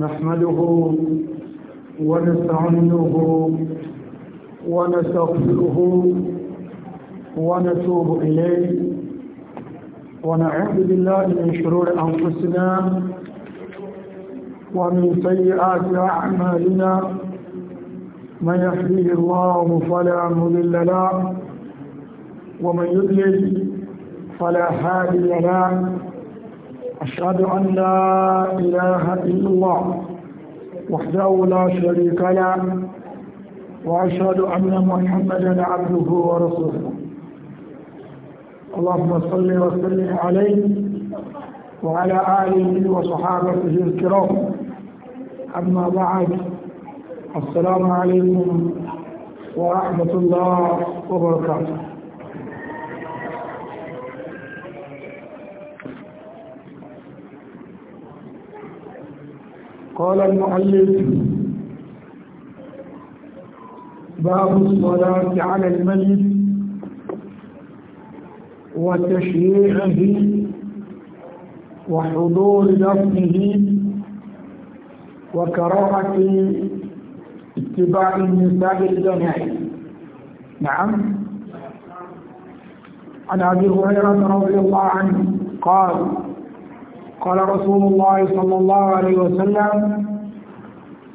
نحمده ونستعنه ونستغفره ونتوب إليه ونعبد الله من شرور أنفسنا ومن سيئات أعمالنا من يهديه الله فلا مضل له ومن يضلل فلا هادي له أشهد أن لا إله إلا الله وحده لا شريك له وأشهد أن محمدا عبده ورسوله اللهم صل وسلم عليه وعلى آله وصحابته الكرام أما بعد السلام عليكم ورحمة الله وبركاته قال المؤلف باب الصلاة على الميت وتشييعه وحضور دفنه وكراهة اتباع النساء الجماعي نعم عن ابي هريره رضي الله عنه قال قال رسول الله صلى الله عليه وسلم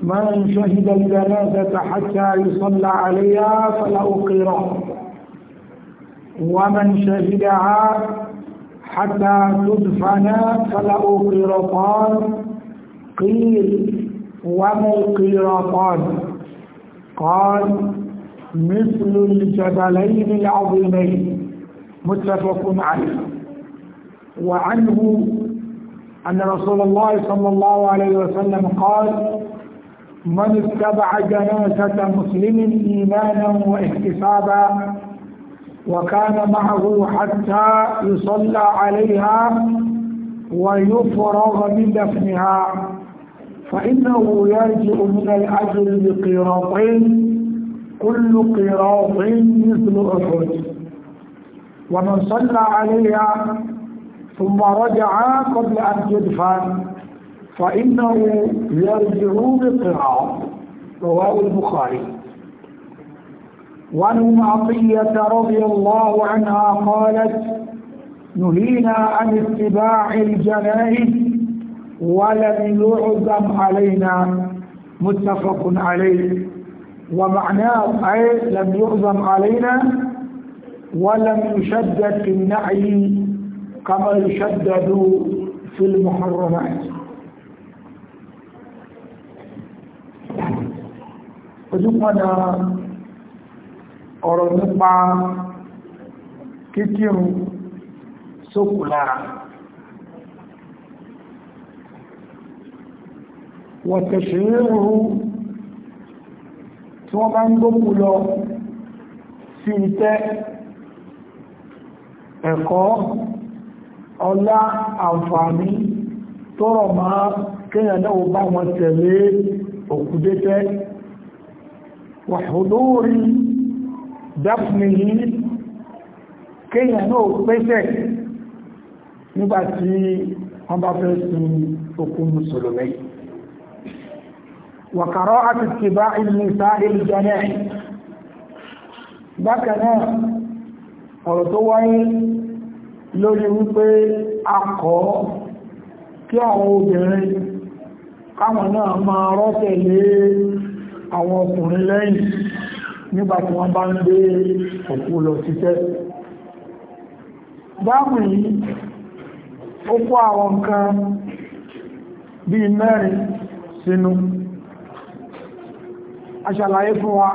من شهد الجنازة حتى يصلى عليها فلا أقره ومن شهدها حتى تدفن فلا أقرطان قيل وما القيرطان قال مثل الجبلين العظيمين متفق عليه وعنه أن رسول الله صلى الله عليه وسلم قال من اتبع جنازة مسلم إيمانا واحتسابا وكان معه حتى يصلى عليها ويفرغ من دفنها فإنه يرجع من الأجر بقراط كل قيراط مثل أحد ومن صلى عليها ثم رجع قبل أن يدفن فإنه يرجع بالقراءة رواه البخاري وعن ام عطية رضي الله عنها قالت نهينا عن اتباع الجنائز ولم يعزم علينا متفق عليه ومعناه أي لم يعزم علينا ولم يشدد في النعي كما يشدد في المحرمات ojúpadà ọ̀rọ̀ nípa kíkírun sókù lára wọ̀tẹ̀ṣẹ̀ rúrú tí wọ́n bá ń gbókù lọ sí ìtẹ́ ẹ̀kọ́ ọlá àǹfààní tọ́rọ máa kéèyàn náà bá wọn tẹ̀lé òkúdẹ́tẹ́ wàhùdóòrí dáfnìyí kéèyàn náà pẹ́sẹ̀ nígbàtí wọ́n bá fẹ́ sin òkú mùsùlùmí wàkàrọ́ àti ọ̀rọ̀ tó wáyé lórí wípé akọ̀ kí àwọn obìnrin káwọn náà máa rọ́tẹ̀lé àwọn ọkùnrin lẹ́yìn nígbàtí wọ́n bá ń gbé òkú lọ síṣẹ́ dáàmù yìí ó kó àwọn nǹkan bí mẹ́rin sínú aṣàlàyé fún wa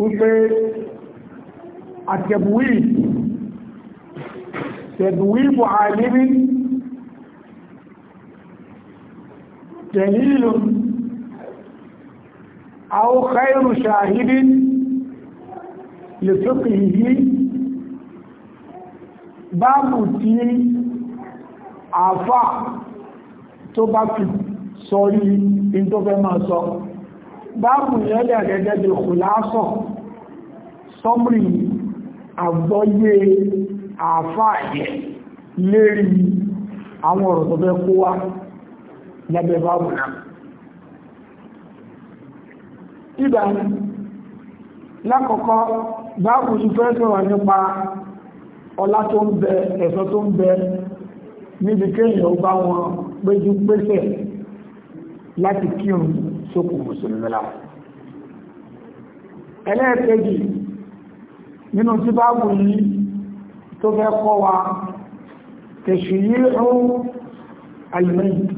wípé àtẹ̀bùwìí tẹ̀dùwíbù àlìmí tẹ̀lìlù àwọn kairu ṣàhìdí lè tókè yìí báàbù tí àfà tó bá fi sọ yìí in tó fẹ́ máa sọ báàbù yẹ́lẹ̀ gẹ́gẹ́ bí kùlásọ̀ sọmrì àgbọ́yé àáfàá yẹ lérí àwọn ọ̀rọ̀ tó fẹ́ kó wá lábẹ́ báwù náà ìgbà lákọ̀ọ́kọ́ báwù ti fẹ́ sọ̀rọ̀ nípa ọlá tó ń bẹ ẹ̀sọ́ tó ń bẹ níbi kéèyàn bá wọn péjú pésẹ̀ láti kírun sókùn mùsùlùmí láwọn ẹlẹ́ẹ̀kejì nínú tí báwù yìí tó fẹ́ kọ́ wa tẹ̀sùyí ọ̀hún alìmẹ́yìn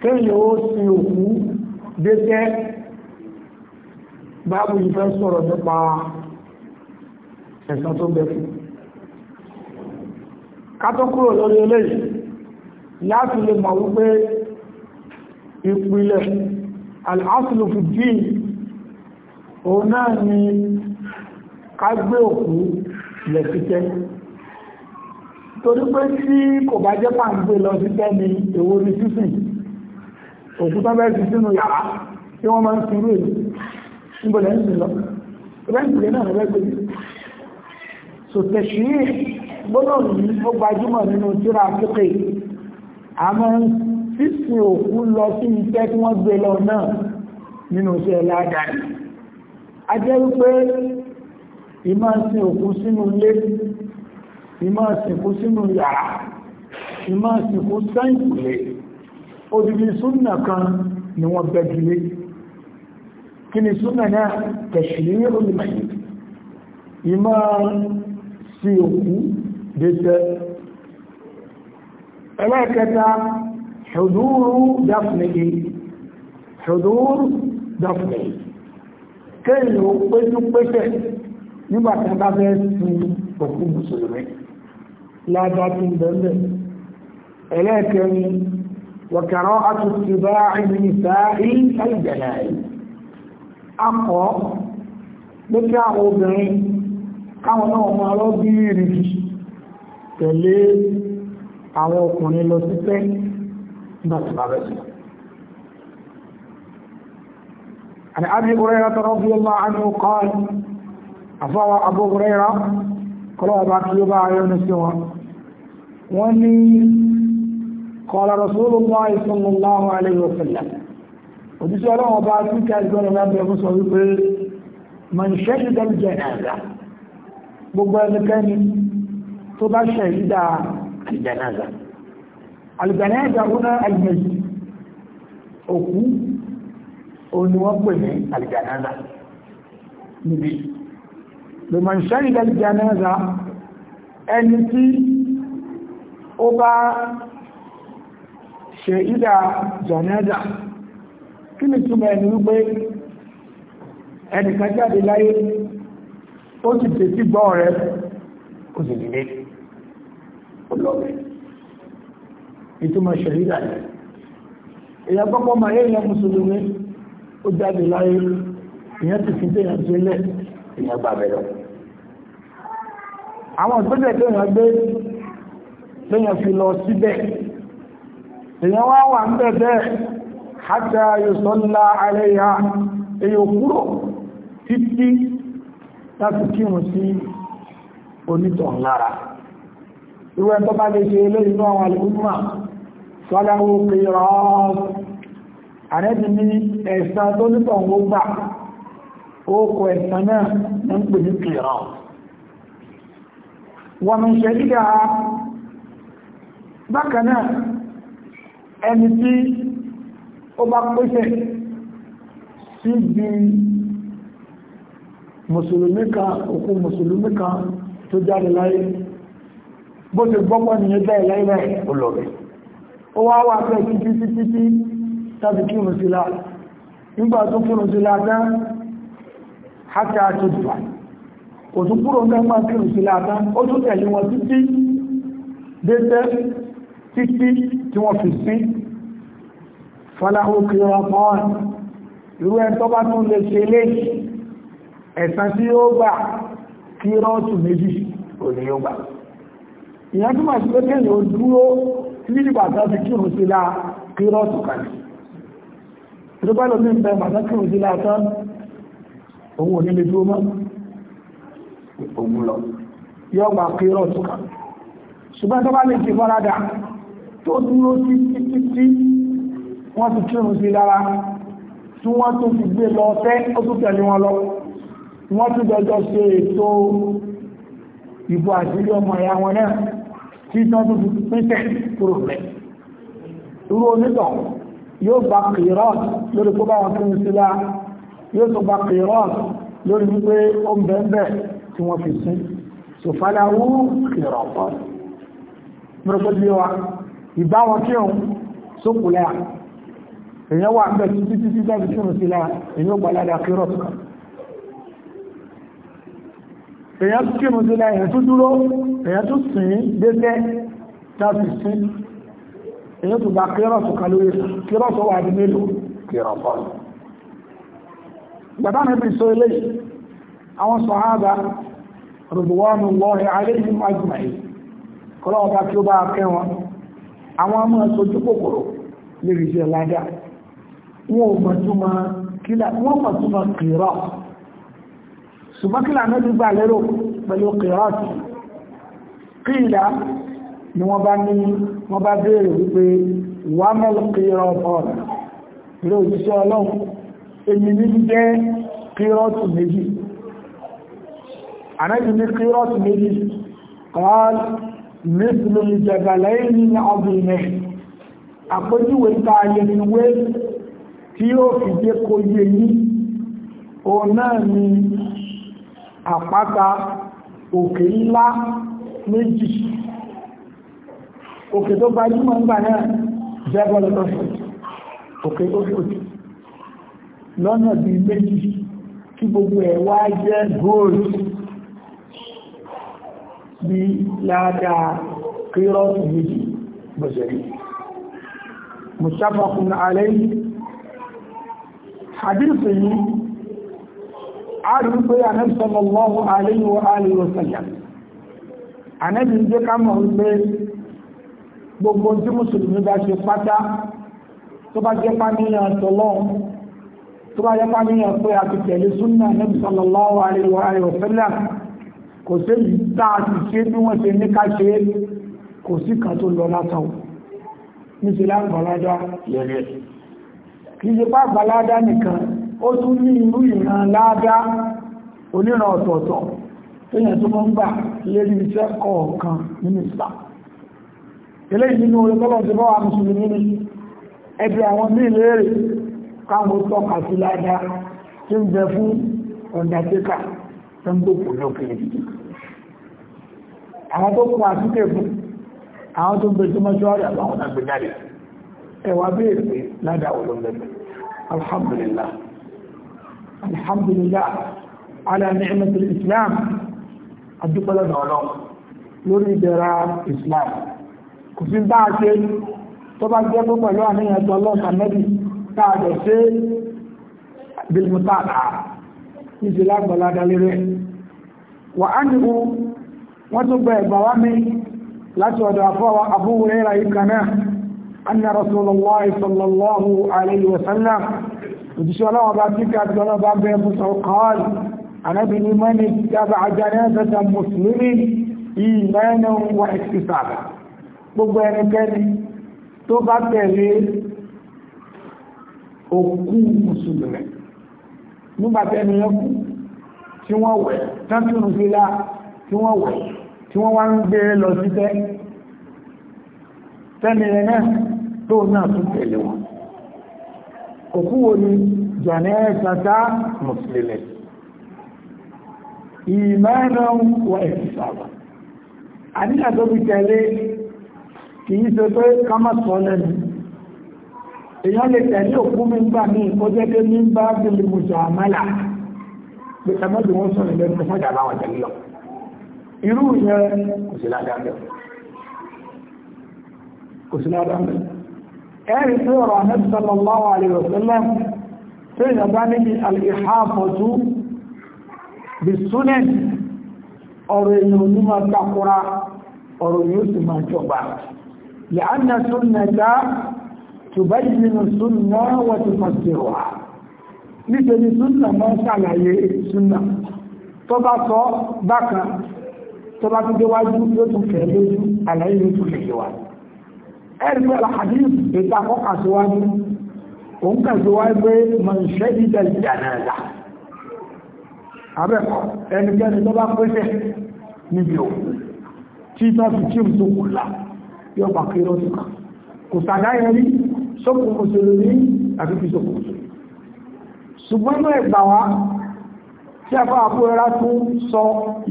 kéèyàn ó sin òkú dẹ́sẹ́ báàbù yìí fẹ́ sọ̀rọ̀ nípa ẹ̀sán tó bẹ fún kátó kúrò lórí eléyìí láti lè mọ̀ wípé ìpìlẹ̀ al-aslu fi din òun náà ni ká gbé òkú lọ títẹ́ torí pé tí kò bá jẹ́ pàǹgbé lọ títẹ́ ni èwo ni sísìn òkú tán bẹ́ẹ̀ sí sínú yàrá tí wọ́n máa ń sin rèé níbo lẹ́yìn sí lọ rẹ́ǹtìlẹ́ náà rẹ́ gbé so tẹ̀sí gbọ́dọ̀ ní ó gbajúmọ̀ nínú tíra pípé àmọ́ sísìn òkú lọ sí iṣẹ́ tí wọ́n gbé lọ náà nínú iṣẹ́ ládàá a jẹ́ wípé ìmá sin òkú sínú ilé ìmá sìnkú sínú yàrá ìmá sìnkú sẹ́yìnkùlé odidi súnnà kan ni wọ́n bẹ́julé kí ni súnnà náà tẹ̀ṣìlẹ̀ olùmọ̀yí ìmá sí òkú dẹ́sẹ̀ ẹlẹ́kẹta ṣùdúrú dáfnìyí ṣùdúrú dáfnìyí kẹ́yìn ó péjú pẹ́sẹ̀ nígbà tí wọ́n bá fẹ́ sin òkú mùsùlùmí ládá tí ń wọ̀kẹ̀rọ àtúntì bá ìrìnìta ilé ìgbẹ̀rẹ̀ akọ̀ pé kí àwọn obìnrin káwọn náà máa lọ bí tẹ̀lé àwọn ọkùnrin lọ sí pẹ́ nígbà tí bá عن àfáwà Abu Huraira kọlọ́ọ̀bá tí ó bá ayọ́nu sí wọn wọ́n ní kọlọ̀ Rasulullah sallallahu alaihi wasallam òjíṣẹ́ ọlọ́wọ́n bá tí kí àjọyọ̀ lábẹ́ fún sọ wípé man shahida al-janaza gbogbo ẹnikẹ́ni tó bá òkú òní wọ́n pè ní al níbi lèmọ̀ ìṣẹ́rìdẹ̀ jẹ́nẹ́za ẹni tí ó bá ṣe ìdá jẹ́nẹ́za kí ni túnmọ̀ ẹni wípé ẹnìkan jáde láyé ó ti tètí gbọ́ rẹ̀ ó sì nílé ó lọ́wẹ́ ìtumọ̀ ṣẹ̀rídà rẹ̀ èyàn gbọ́gbọ́ ma èèyàn mùsùlùmí ó jáde láyé ìyẹn ti fi dé ìyàn sílẹ̀ ìyàn àwọn ìgbésẹ̀ téèyàn gbé téèyàn fi lọ síbẹ̀ èèyàn wá wà ń bẹ̀ bẹ́ẹ̀ hátà yusalla alayha èèyàn kúrò títí láti kírun sí onítọ̀ lára ìwé tó bá lè ṣe eléyìí náà wà lóòmà sọ́láwó kìírọ̀ àrẹ́bì ní ẹ̀sán tó nítọ̀ ń gbà ó wọ̀mìn ṣẹ̀dídà bákanáà ẹni tí ó bá pèsè síbi mùsùlùmí kan òkú mùsùlùmí kan tó jáde láyé bó ti gbọ́pọ̀ ní ẹgbẹ́ ìlẹ́rẹ̀ olóòrẹ̀ ó wá wà pẹ́ títí títí tí tàbí kírùn sílá nígbà tó kírùn sílá kò tún kúrò mẹ́fà kírù sí láta ó tún tẹ̀lé wọn títí dédé títí tí wọ́n fi sí fọ́láhùn kírù ọmọ́n irú ẹ̀ tó bá tún lè ṣe léyìí ẹ̀san tí ó gbà kí rọ́ọ̀tù méjì ò ní ó gbà ìyẹn túnmọ̀ sí pé kéèyàn ó dúró títí dìgbà tó fi kírù sí lá òun ò ní lè dúró mọ́ òun lọ yọ gba kírọ̀ tó kà ṣùgbọ́n tó bá lè ti faradà tó dúró sí títí wọ́n ti kírun sí lára tí wọ́n tó fi gbé lọ tẹ́ ó tó tẹ̀lé wọn lọ wọ́n tún dọjọ́ ṣe ètò ìbò àṣírí ọmọ ẹ̀yà wọn náà tí wọ́n tó fi pínṣẹ̀ kúrò rẹ̀ irú onítọ̀ yóò gba kìírọ̀ lórí kó bá wọn kírun sí lára yóò tó gba kìírọ̀ lórí wípé ó ń bẹ́ẹ̀ tí wọ́n fi sún sòfàdáwó kìrọ̀pọ̀ mọ́rọ̀pọ̀lẹ́ wa ìbáwọn kí òun sókù lára èyàn wà pẹ̀ títí títí tàbí túnrù sí lára èyàn gbàládà kírọ̀ èyàn tó kírù sí lára èyàn tó dúró èyàn tó sìn dédé tàbí sí èyàn tó bá kírọ̀ sọ kalóyè kírọ̀ sọ wà kírọ̀ pọ̀ àwọn sọ̀hábà rọ̀dùwọ́nù lọ́rẹ̀ aléhìm agbàáyé kọlọ́ọ̀bá tí ó bá kẹ́ wọn àwọn ọmọ sojú kòkòrò lè rí jẹ ládá wọn ò mọ̀túnmọ̀ kílà wọn mọ̀túnmọ̀ kìrọ̀ ṣùgbọ́n kílà náà ti gbà lérò pẹ̀lú kìrọ̀ sí kílà ni wọ́n bá ní wọ́n bá béèrè wípé wàmẹ́l kìrọ̀ bọ́ọ̀lù ilé òjíṣẹ́ ọlọ́run èmi ní jẹ́ kìrọ̀ tù méjì anábi ní kírọ́tù méjì kọ́l mẹ́sùlù ìjọba lẹ́yìn ní ọdún ilẹ̀ àpójúwé ta ayẹniwé tí ó fi jẹ́ kó yé yí ni àpáta òkè ńlá méjì òkè tó gbajúmọ̀ ń gbà náà jẹ́bọ̀ lọ́sọ̀ òkè tó fòtì lọ́nà bíi méjì kí gbogbo ẹ̀ jẹ́ gold bí ládáa kírọ́sì méjì bọ̀sẹ̀rí mustafakun alayhi hadisi ni a rí pé anábi sallallahu alayhi wa alihi wa sallam anábi jẹ́ ká mọ̀ wípé gbogbo tí mùsùlùmí bá ṣe pátá tó bá jẹ́ pàníyàn tọ́lọ́ tó bá jẹ́ pàníyàn pé a ti tẹ̀lé súnnà anábi sallallahu alayhi wa alihi wa sallam kò bá a sì ṣe bí wọ́n ṣe ní ká ṣe é kò sí kan tó lọ látàn níṣẹ́ lágbàládá yẹ̀rẹ̀ kì í ṣe pá gbàládá nìkan ó tún ní irú ìran ládá oníran ọ̀tọ̀ọ̀tọ̀ téèyàn tó mọ́ ń gbà lérí iṣẹ́ kọ̀ọ̀kan nínú ìsà eléyìí nínú orí ti bọ́ wa mùsùlùmí ni ẹbí àwọn míì léèrè káwọn tọ́ka sí ládá tí ń bẹ fún ọ̀dàtíkà tó ń gbòkò lókè ìdíjì àwọn tó kún àtúnkè fún àwọn tó gbé tó mọ́ṣúwárì àbáwọn agbègbè ẹwà bèèrè pé ládàwọ̀ ló lẹ́gbẹ̀ alhamdulillah alhamdulillah ala ni'matil islam adúpẹ́lẹ́ ọlọ́run islam a ya Wa wọ́n tún gba ẹ̀gbà wá mi láti ọ̀dọ̀ àfọwà Abu Hurairah yìí kan náà anna Rasulullah sallallahu alayhi wa sallam òjíṣẹ́ ọlọ́wọ́ bá tí ká gbọ́nà bá bẹ́ mú sọ kọ́ọ̀lù anábì tó bá tẹ̀lé òkú mùsùlùmí nígbàtẹ́ni yẹn kú tí wọ́n wẹ̀ tán tún fi láà tí wọ́n wọ̀ tí wọ́n wá ń gbé lọ síbẹ̀ tẹ́lẹ̀ rẹ̀ náà tó náà tún tẹ̀lé wọn òkú wo ni jẹ̀nẹ́ẹ̀tata mùsùlùmí ìmẹ́rin wọ ìfìsàbà àníyà tó fi tẹ̀lé kìí ṣe pé ká sọ lẹ́nu èèyàn lè tẹ̀lé òkú mi gbà mí ó jẹ́ pé bá bí mo jọ àmàlà pé wọn sọ̀rọ̀ lẹ́nu fún ìjàmbá tẹ̀lé lọ irú yẹn kò sí ládámẹ́ kò sí ládámẹ́ ẹ̀rì tí ọ̀rọ̀ anẹ́bìsọ́lọ́wọ́ àlèrọ̀sẹ́lẹ̀ tí èyàn bá níbi alìhàpọ̀tú bí súnẹ̀ ọ̀rọ̀ èyàn ní máa takura ọ̀rọ̀ yóò sì máa jọba lẹ́ánà súnẹ̀dá tùbẹ́yìnà súnà wọ́n ti tó bá tún déwájú yóò tún fẹ̀ lójú àlàyé yóò tún fẹ̀ wá. ẹ̀rí pẹ̀lú hadith ètò àkọ́kà síwájú òun kà síwájú pé mọ̀nsẹ́ ìdá ìdánáàdá. abẹ́kọ̀ ẹnikẹ́ni tó bá pèsè níbi òkú tí tó fi tí tó kù la yóò bá kéré ọdún kan kò sàdáyẹ rí sókùn mùsùlùmí àti fi sókùn mùsùlùmí. ṣùgbọ́n náà ẹ̀gbà wa tí a fọ́ àbúrẹ́ra tún sọ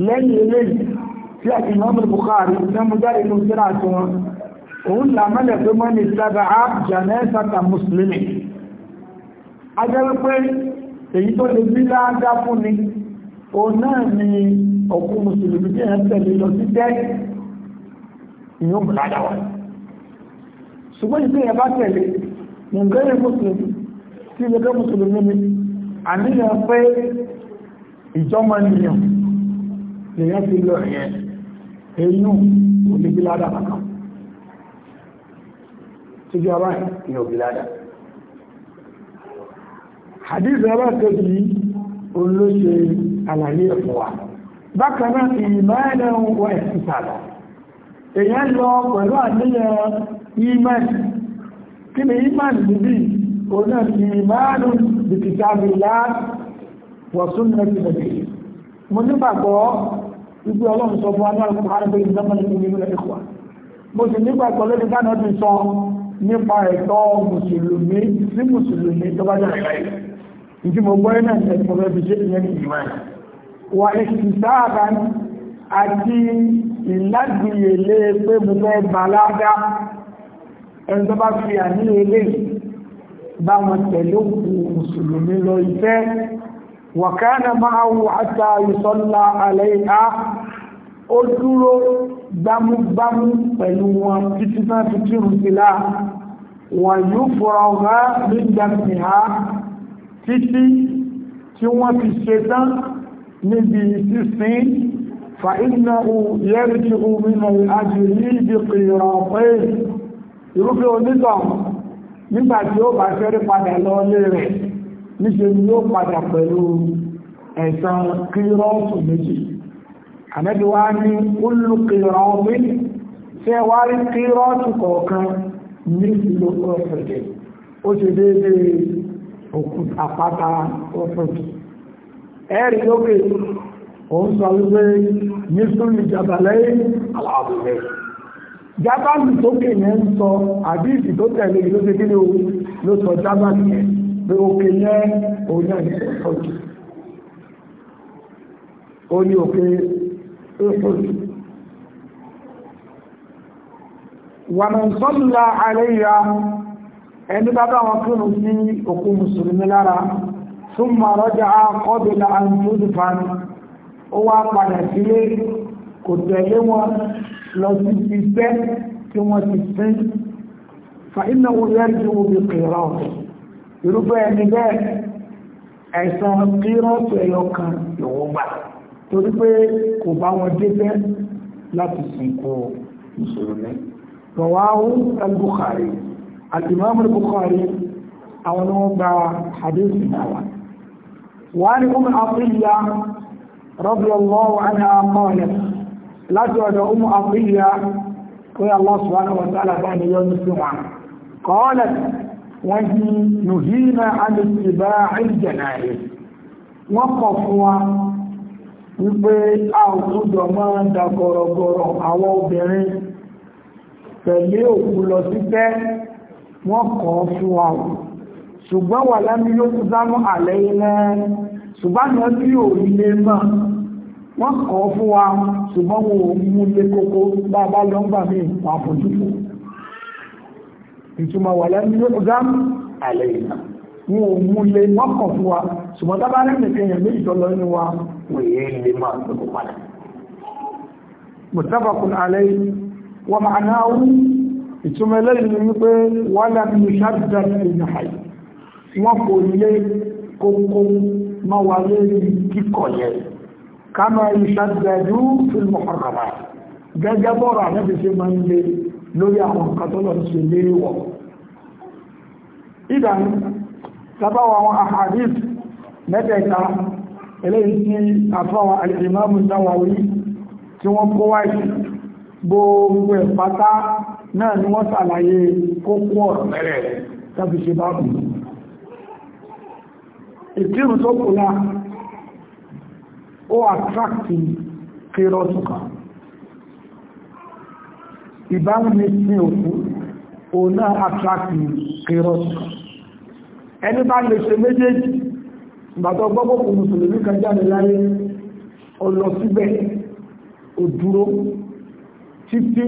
lẹ́yìn eléyìí tí àti ìmọ́mù Bukhari ní mú jáde ní síra tí wọn òun là mẹ́lẹ̀ pé mọ́ ní sábà á jẹ́nẹ́sàtà mùsùlùmí a jẹ́ wípé èyí tó lè bí láàdá fún ni o náà ni òkú mùsùlùmí tí ẹ̀ tẹ̀lé lọ sí jẹ́ ìyóò mú láàdá wa ṣùgbọ́n ìpín ẹ̀ bá tẹ̀lé nǹkan mùsùlùmí tí ilẹ̀ mùsùlùmí ni àníyàn pé ìjọmọ ènìyàn lèyàn ti lọ ìyẹn èyí kò ní bíládà kàkà tí jẹ́ ọba ní òbíládà hadith ọba kejì yìí olóṣe àlàyé ẹ̀fọ́ wa bákanáà ìmẹ́ẹ̀lẹ̀ wọ ẹ̀sìsàdà èyàn lọ pẹ̀lú àníyàn iman kí ni iman níbi oná ti ìmẹ́ẹ̀lù bìkìtàbìlá wọ̀súnnà ti bẹ̀rẹ̀ mo nígbàgbọ́ ibi ọlọ́run sọ fún agbára fún ààrẹ pé ìjọba ní ìlú ilẹ̀ ìkọ̀ mo sì nípa ẹ̀kọ́ lórí dáná ti sọ nípa ẹ̀tọ́ mùsùlùmí sí mùsùlùmí tó bá jẹ́ ìlà ìlú ìdí mo gbọ́ iná ẹ̀kọ́ rẹ̀ fi ṣe ìyẹn ní ìwà ẹ̀ wà ìsìsáàbà àti ìlágbìyèlé e pé mo fẹ́ balága ẹni tó bá fi àníyàn eléyìí bá wọn tẹ̀lé òkú mùsùlùmí lọ ìfẹ́ wàkánà máa wù àtà ìsọ́lá ó dúró gbámúgbámú pẹ̀lú wọn títí náà fi kírun sí láà wọ́n yóò fọ́ra ọ̀gá nígbà sí ha títí tí wọ́n ti ṣe tán níbi sísìn fa iná yẹ́rìkì omínà àjèrí ìdíkì ìrànpẹ́ irúfẹ́ onítọ̀ nígbàtí ó bá fẹ́rí padà lọ lé rẹ̀ níṣe ni yóò padà pẹ̀lú ẹ̀san kírọ́ọ̀tù méjì ànábi wá ní kúlù kìrọ̀ ọ̀gbìn ṣé wá rí kìrọ̀ ọ̀tún kọ̀ọ̀kan ní ìlú ọ̀fẹ̀dẹ̀ ó ṣe déédéé òkú àpáta ọ̀fẹ̀dẹ̀ ẹ̀rí lókè òun sọ wípé ní súnlù jabalẹ́ aláàbùrẹ́ jábàlì tókè òkè waa wàmọ̀ sọ́lá àríyá ẹni bá bá ndị kírù sí òkú mùsùlùmí lára tún ma rọ́jà kọ́bìlà àmúdùfàn ó wá padà sílé kò tẹ̀lé wọn lọ sí ìfẹ́ fa torí pé kò bá wọn débẹ̀ láti sìnkú mùsùlùmí rọwáwó al-Bukhari àti Imam al-Bukhari àwọn ni wọ́n gba hadith náà wà ní Umm Atiyya radiyallahu anha qalat láti ọ̀dọ̀ Umm Atiyya pé Allah subhanahu wa ta'ala bá ní yọ́ wọn qalat wọ́n ní nuhina an ittiba'i al-janaiz wọ́n kọ̀ fún wa wípé a ò túnjọ máa ń da gọ̀rọ̀gọ̀rọ̀ àwọn obìnrin tẹ̀lé òkú lọ sí pẹ́ wọ́n kọ́ fún wa ṣùgbọ́n wà lámí yóò tún sámú àlẹ́ iná ṣùgbọ́n náà tí ò ilé náà wọ́n kọ́ fún wa ṣùgbọ́n wọn ò mú lé kókó bá bá lọ ń gbà mí wà fojú fún ìtumọ̀ wà lámí yóò tún sámú àlẹ́ iná wọn ò mú lé mọ́kàn fún wa ṣùgbọ́n tábà rẹ̀ nìkan èèyàn méjì tó lọ nínú wa wọ́n yé lè máa gbogbo padà. mùtàbàkùn alẹ́ wọ́n máa náà wú ìtumọ̀ eléyìí ni wípé wọ́n lá ní ṣáàdùdà ìrìn àyè wọ́n kò lé kókó máa wà lórí kíkọ̀ yẹn ká máa ṣáàdùdà ìrú fílmù ọ̀rọ̀mà gẹ́gẹ́ bọ́ọ̀rọ̀ àmẹ́bí ṣe máa ń lé lórí àwọn nǹkan tó lọ wọ̀. ìdáhùn tàbáwà àwọn ahadith mẹ́tẹ̀ẹ̀ta eléyìí tí àfáwà alìmọ́mù Nawawi tí wọ́n kó wáyé gbogbo ẹ̀pátá náà ni wọ́n sàlàyé kókó ọ̀rọ̀ mẹ́rẹ̀ tàbí ṣe bá kù ìkírù tó kùlá ó àtráktì kérọ́tùkà ìbámu ní sí òkú òun náà àtráktì kérọ́tùkà ẹni bá lè ṣe méjèèjì ìgbàtọ̀ gbọ́gbọ́kù mùsùlùmí kan láyé ọlọ síbẹ̀ òdúró títí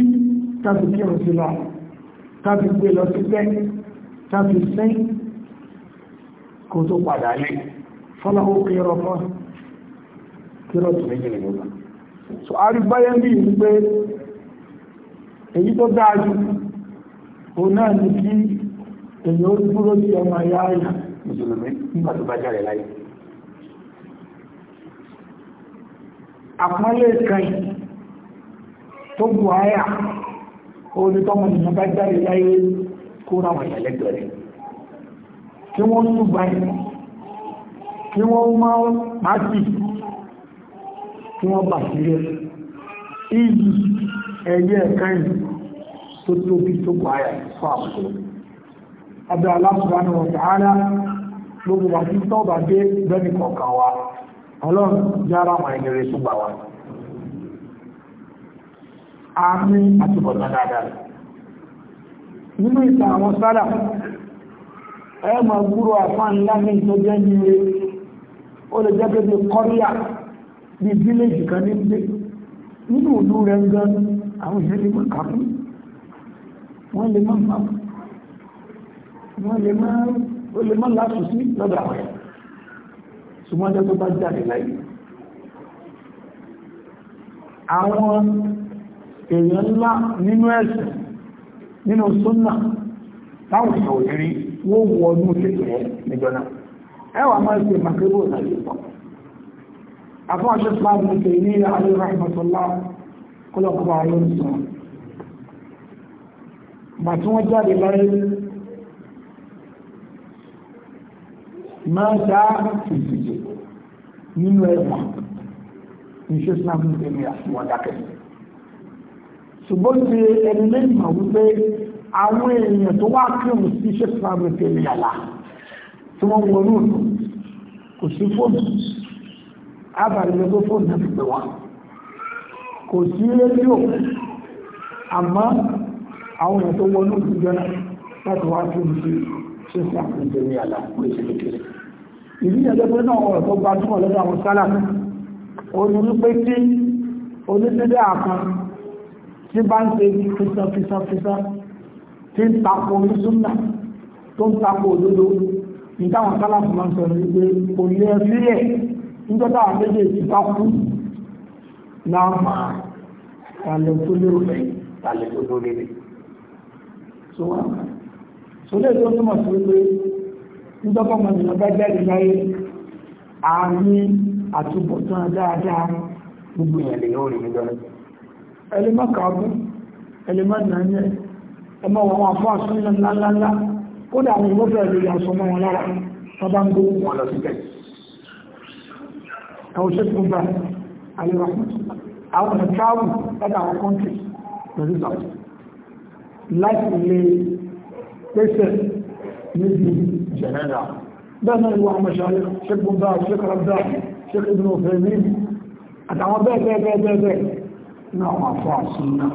tàbí kírun sí lọ tàbí gbé lọ síbẹ̀ tàbí sẹ́yìn kò tó padà tó méjì lè so bí èyí tó dáa jù òun náà ní kí èyí ó dúró sí ọmọ ayá àyà mùsùlùmí nígbà tó bá jáde láyé àpọ́nlé kan tó bù àyà ó ní tọ́mọ nìyàn bá jáde láyé kó ráwọn èèyàn lẹ́gbẹ̀ẹ́ rẹ̀ kí wọ́n túbà ẹ̀ kí wọ́n máa máa sì kí wọ́n bà sílẹ̀ iyì ẹ̀yẹ kan tó tóbi tó bù àyà fún àpọ́nlé abẹ́ Allah subhanahu wa ta'ala gbogbo wa tí tọ́ bá dé bẹ́ẹ̀ni kọ̀ọ̀kan wa ọlọ́run yára wọn ìlérí ṣùgbà wa àmì àti bọ̀dọ̀ dáadáa nínú ìta àwọn sálà ẹ mọ̀ gbúrò àfáà ńlá ní ìtọ́jẹ́ ní ilé ó lè jẹ́ pé kọ́ríà bí fílẹ̀jì kan ní gbé nínú òdú rẹ̀ ń gan àwọn ìṣẹ́lẹ̀ mọ̀ kàkún wọ́n lè mọ̀ kàkún wọ́n lè má ó lè má láṣù sí lọ́dọ̀ àwọn ẹ̀ ṣùgbọ́n ọjọ́ tó bá jáde láyé àwọn èèyàn ńlá nínú ẹ̀sìn nínú súnnà táwọn ìṣòwò rí wọ́n wọ ọdún kékeré níjọ náà ẹwà máa ṣe màkébò náà pọ̀ máa dá ìdíje nínú ẹ̀wọ̀n iṣẹ́ sinapù tẹ̀lé àfihàn dákẹ́ ṣùgbọ́n ti ẹni lẹ́yìn mọ̀ wípé àwọn èèyàn tó wá kírun sí iṣẹ́ sinapù tẹ̀lé àlá tí wọ́n wọnú kò sí fóònù abàlẹ́gbẹ́ fóònù náà fi pè wọ́n kò sí rédíò àmọ́ àwọn èèyàn tó wọnú ìjọ náà láti wá kírun sí iṣẹ́ sinapù tẹ̀lé àlá kò sí kékeré ìlú ẹjọ́ pé náà ọ̀rọ̀ tó gbajúmọ̀ lọ́dọ̀ àwọn sálà ó ní wípé tí onídílé àkan tí bá ń ṣe fìsàn fìsàn fìsàn tí ń tako onísúnà tó ń tako òdodo ní táwọn sálà fún máa ń sọ wípé kò so lè tó túmọ̀ sí nígbàgbọ́ mọ̀ nínú bá jáde láyé àmì àtúbọ̀tán dáadáa gbogbo èèyàn lè yóò rí mi lọ́rẹ́ ẹlẹ́mọ́ kàábùn ẹlẹ́mọ́ nàáyẹ ẹmọ wọn àfọ́ àsúnlẹ̀ ńláńlá kódà àwọn ìwọ́fẹ́ lè yà sọmọ wọn lára wọn bá ń gbó wọn lọ síbẹ̀ àwọn ṣe fún bá àyẹ̀wò àwọn ọ̀nà travel láti àwọn country lórí ìgbà láti lè pèsè níbi jẹ̀nẹ́dà bẹ́ẹ̀ náà ìwà mọ̀ṣàlẹ̀ sheikh bunda sheikh rabda sheikh ibn ofemin àtàwọn bẹ́ẹ̀ bẹ́ẹ̀ bẹ́ẹ̀ bẹ́ẹ̀ bẹ́ẹ̀ ní àwọn afọ àsúná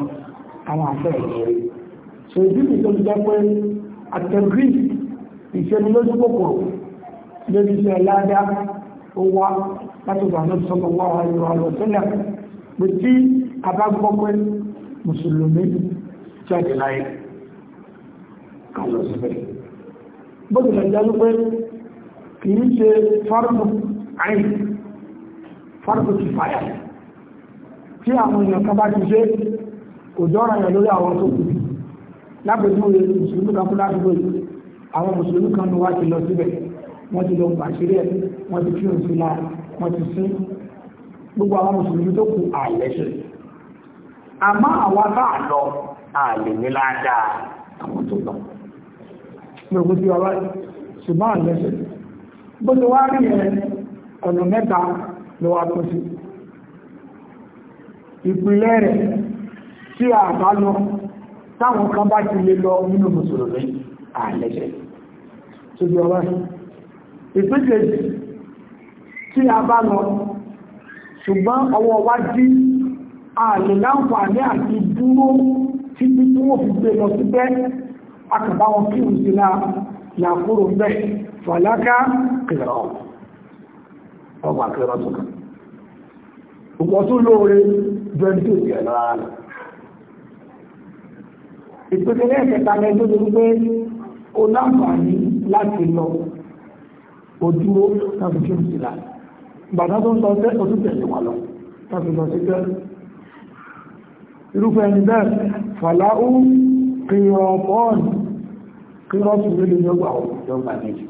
àwọn afọ ẹ̀jẹ̀rẹ̀ so ìdí mi tó jẹ́ pé àtẹ̀gí ìṣẹ́ni lójú kòkòrò lórí iṣẹ́ ládá ó wá láti wà náà sọ́kọ̀ wá wà ìrọ̀ àlọ́ sílẹ̀ pé tí a bá gbọ́ pé mùsùlùmí jáde láyé kálọ̀ síbẹ̀ bó ti lẹ̀jẹ́ wípé kìí ṣe fardu ain fardu kifaya tí àwọn èèyàn kan bá ti ṣe kò jọ́ra yẹn lórí àwọn tó kù lábẹ́júwe mùsùlùmí kan fún ládùúgbò yìí àwọn mùsùlùmí kan ni wá ti lọ síbẹ̀ wọ́n ti lọ pàṣírí ẹ̀ wọ́n ti kírun sí la wọ́n ti sí gbogbo àwọn mùsùlùmí tó kù àlẹ́ṣẹ̀ àmọ́ àwa tá a lọ àlè ní ládàá àwọn tó lọ ní ogun tí ọlá ṣùgbọ́n àlẹ́ṣẹ́ bó ti wá rí ẹ ọ̀nà mẹ́ta ló wá tó sí ìpìlẹ̀ rẹ̀ tí a bá lọ táwọn kan bá ti lè lọ nínú mùsùlùmí àlẹ́ṣẹ́ tó di ọlá ìpínlẹ̀ tí a bá lọ ṣùgbọ́n ọwọ́ wá dí àlè láǹfààní àti dúró títí tí wọ́n fi gbé lọ akàbá wọn kí òun sí láàkúrò bẹ́ fàlákà kìrọ̀ ọgbà kìrọ̀ tó kàn ọgbà tó lóore bẹ́ntì ìjẹ̀lá rẹ̀ ìpínlẹ̀ ẹ̀kẹta lẹ́jọ́ tó gbé ó láǹfààní láti lọ ojúró tàbí kí òun sí láà bàtà tó ń sọ tẹ́ ọdún tẹ̀lé wà lọ tàbí lọ sí tẹ́ irúfẹ́ ẹni bẹ́ẹ̀ fàláhùn kíyàn pọ́ọ̀nù kíyàn sì lórí lọ́gbà ọ̀gbà méjì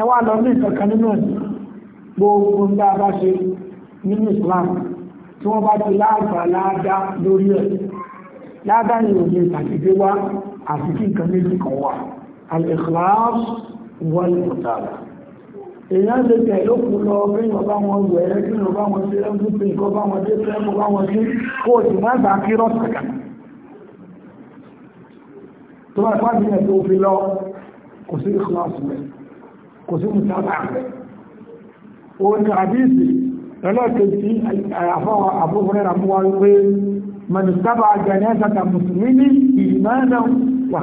ẹwà lọ ní ìkankan nínú ẹ̀sìn gbogbo ń bá bá ṣe nínú Islam tí wọ́n bá ti láàgbà láàdá lórí ẹ̀ láàdá ni òní ìtàkìdé wá àti kí nǹkan méjì kan wà al-ikhlas wal-mutala èèyàn lè tẹ̀ lókun lọ bí wọ́n bá wọn wẹ̀ ẹ́ kí tó bá ipá ìbílẹ̀ tó fi lọ kò sí ìkọlọ́sì rẹ̀ kò sí mùsàlá rẹ̀ ó ní àdíìsì ẹlẹ́kẹ̀ẹ́sì àfọwọ́ àbúrúfẹ́rẹ́ àmúwá wípé mẹ́nìtàbà jẹ́nẹ́sàtà mùsùlùmí ní ìmẹ́lẹ́un wà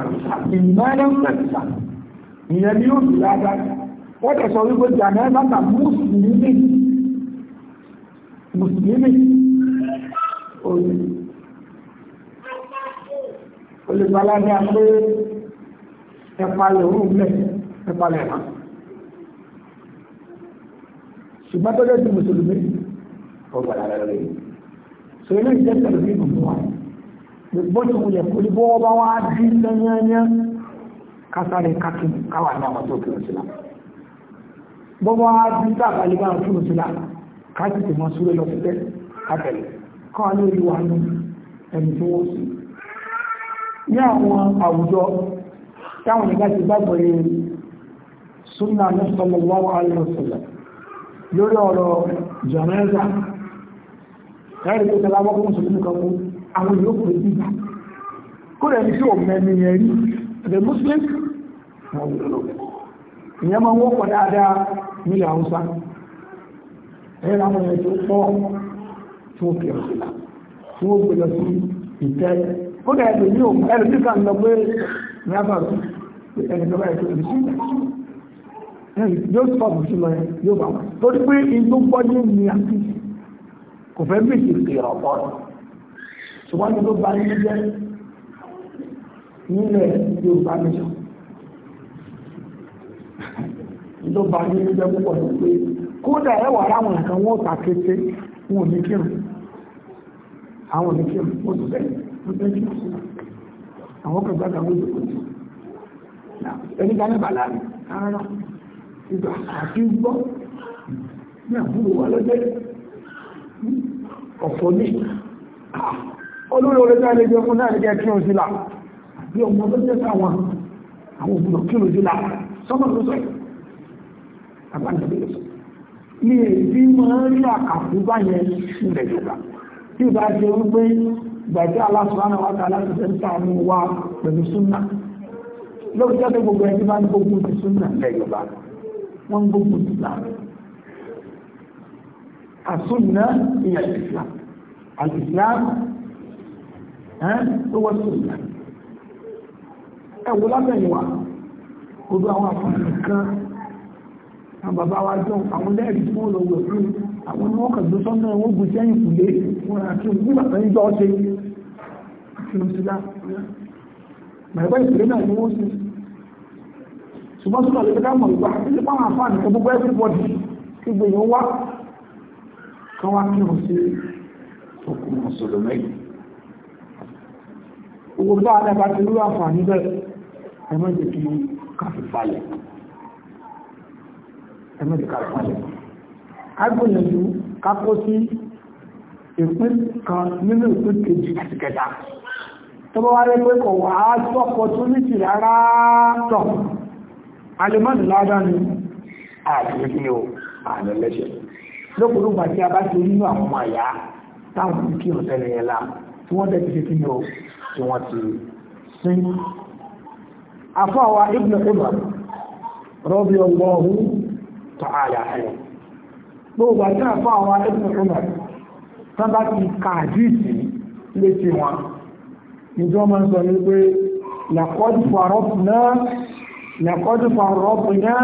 ìmẹ́lẹ́un mẹ́ta ìyẹn ni ó sì ládáa olùgbàlà ní apé ẹ̀pàlẹ̀ òun mẹ́ ẹ̀pàlẹ̀ ẹ̀mà ṣùgbọ́n tó lẹ́sìn mùsùlùmí ọgbàlà rẹ̀ rẹ̀ sọ ilé ìjẹ́ pẹ̀lú bí mọ̀ fún wa gbogbo tí mo yẹ kó ní bọ́ bá wá dín lẹ́yẹ́yẹ́ kásáré kákin káwà ní àwọn tó kìrò sílá bọ́ bá wá dín tàbálí bá fún sílá káàkiri mọ́ súré lọ fún tẹ́ kábẹ̀lẹ̀ káwọn ní olúwa ní ẹni tí wọ́n sì ní àwọn àwùjọ táwọn ìgbà ti gbàgbọ́ yẹ súnà ní sallallahu alaihi wasallam lórí ọ̀rọ̀ jẹ̀mẹ́rẹ́dà ẹ̀rì tó tẹ́lá wọ́pọ̀ mùsùlùmí kan fún àwọn ìyókù rẹ̀ gbígbà kó rẹ̀ ní sí òmìnirì yẹn rí the muslim ìyẹn kódà ẹ̀dùn ní òun ẹ̀rù tí kàn lọ pé ní àbàrù ẹni tó báyìí tó lè sí yóò sọ̀bù sí lọ yóò bá wọn torí pé inú gbọ́dé ní àti kò fẹ́ bí ìṣèlè ọ̀pọ̀ rẹ̀ ṣùgbọ́n ní tó bá ní jẹ́ nílẹ̀ Yorùbá nìjọ ló bá ní jẹ́ púpọ̀ ní pé kódà ẹwà láwọn nǹkan wọn ò ta kété wọn ò àwọn ò ní kírun ó sì bẹ́ẹ̀ àwọn kan gbádà wọ́n jẹ́ kòtò ẹni gbá mẹ́bàá láàrin ara ìgbà àti gbọ́ ní àbúrò wà lọ́jẹ́ ọ̀fọ́ ní olórí orí tí a lè jẹ fún náà nígbà kí o sí là bí ọmọ tó jẹ́ sáwọn àwọn òbúrò kí o sí là sọ́mọ̀ tó sọ ní èdè máa ń rí àkàkú báyẹn sílẹ̀ ìjọba tí ìbá ṣe wípé gbàtí Allah subhanahu wa ta'ala ti fẹ́ sàánú wa pẹ̀lú súnà lóòótọ́ jáde gbogbo ẹni bá ń gbógun ti súnà lẹ́yọ̀bá wọ́n ń gbógun ti Islam àsúnà ìyà Islam al-Islam tó wọ́n súnà ẹ̀wọ́ lábẹ́yìnwá gbogbo àwọn àfààní kan àwọn bàbá wa jọ àwọn lẹ́rìí fún olówó ẹ̀kú àwọn ọmọ ọkàn tó sọ́nà wọn gùn sẹ́yìn kùlé wọn àti òkú bàbá ń jọ ṣe nínú sílá mẹ̀rẹ̀kọ́ ìpínlẹ̀ náà ni wọ́n sí ṣùgbọ́n sọ́nà lè dámọ̀ ìgbà nílé pàwọn àfáàní tó gbogbo everybody tí gbogbo wá kan wá kí wọ́n sí òkun mùsùlùmí owó bá alẹ́bà ti lúrò àfààní bẹ́ẹ̀ ẹmọ́dé kí káfí falẹ̀ ẹmọ́dé káfí ìpín kan nínú ìpín kejì àti kẹta tọ́bọ́ wá rẹ̀ pé kọ̀ wá sọ́pọ̀ tó nítì rárá tọ̀ alẹ́mọ́nì ládá ni ààrẹ o ààrẹ lẹ́ṣẹ̀ lókùnrùgbà tí a bá ti nínú àwọn àyá táwọn kí ọ̀tẹ́lẹ̀ yẹn lá o tí wọ́n ti sín afọ́wà ibn Umar rọ́bí ọgbọ́ọ̀hún ta'ala ẹ̀ lóògbà tí afọ́wà ibn Umar tán bá ti kàdíìsì létí wọn níjọ́ máa ń sọ ní pé làkọ́dù farọ́bùnà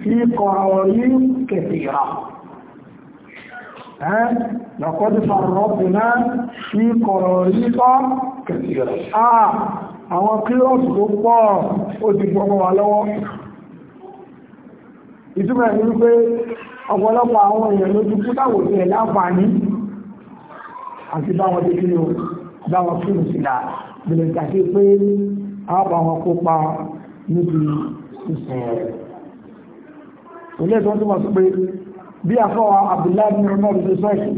fi kọ̀ọ̀rí kẹfìrà làkọ́dù farọ́bùnà fi kọ̀ọ̀rí tọ́ kẹfìrà àà àwọn kírọ́sù tó pọ̀ ó ti gbọ́gbọ́ wà lọ́wọ́ ìtumọ̀ ní wípé ọ̀pọ̀lọpọ̀ àwọn èèyàn lójú pútàwò sí ẹ̀ láǹfààní àti báwọn ti kí ni o bá wọn fíìmù sílá bẹ̀rẹ̀ ìgbàṣẹ́ pé àbá wọn kópa níbi ìsìn rẹ̀ ilé ìtọ́ tí wọ́n sọ pé bí afọ́wà Abdullahi ní ọmọ ìṣẹ́ sọ́ọ̀kì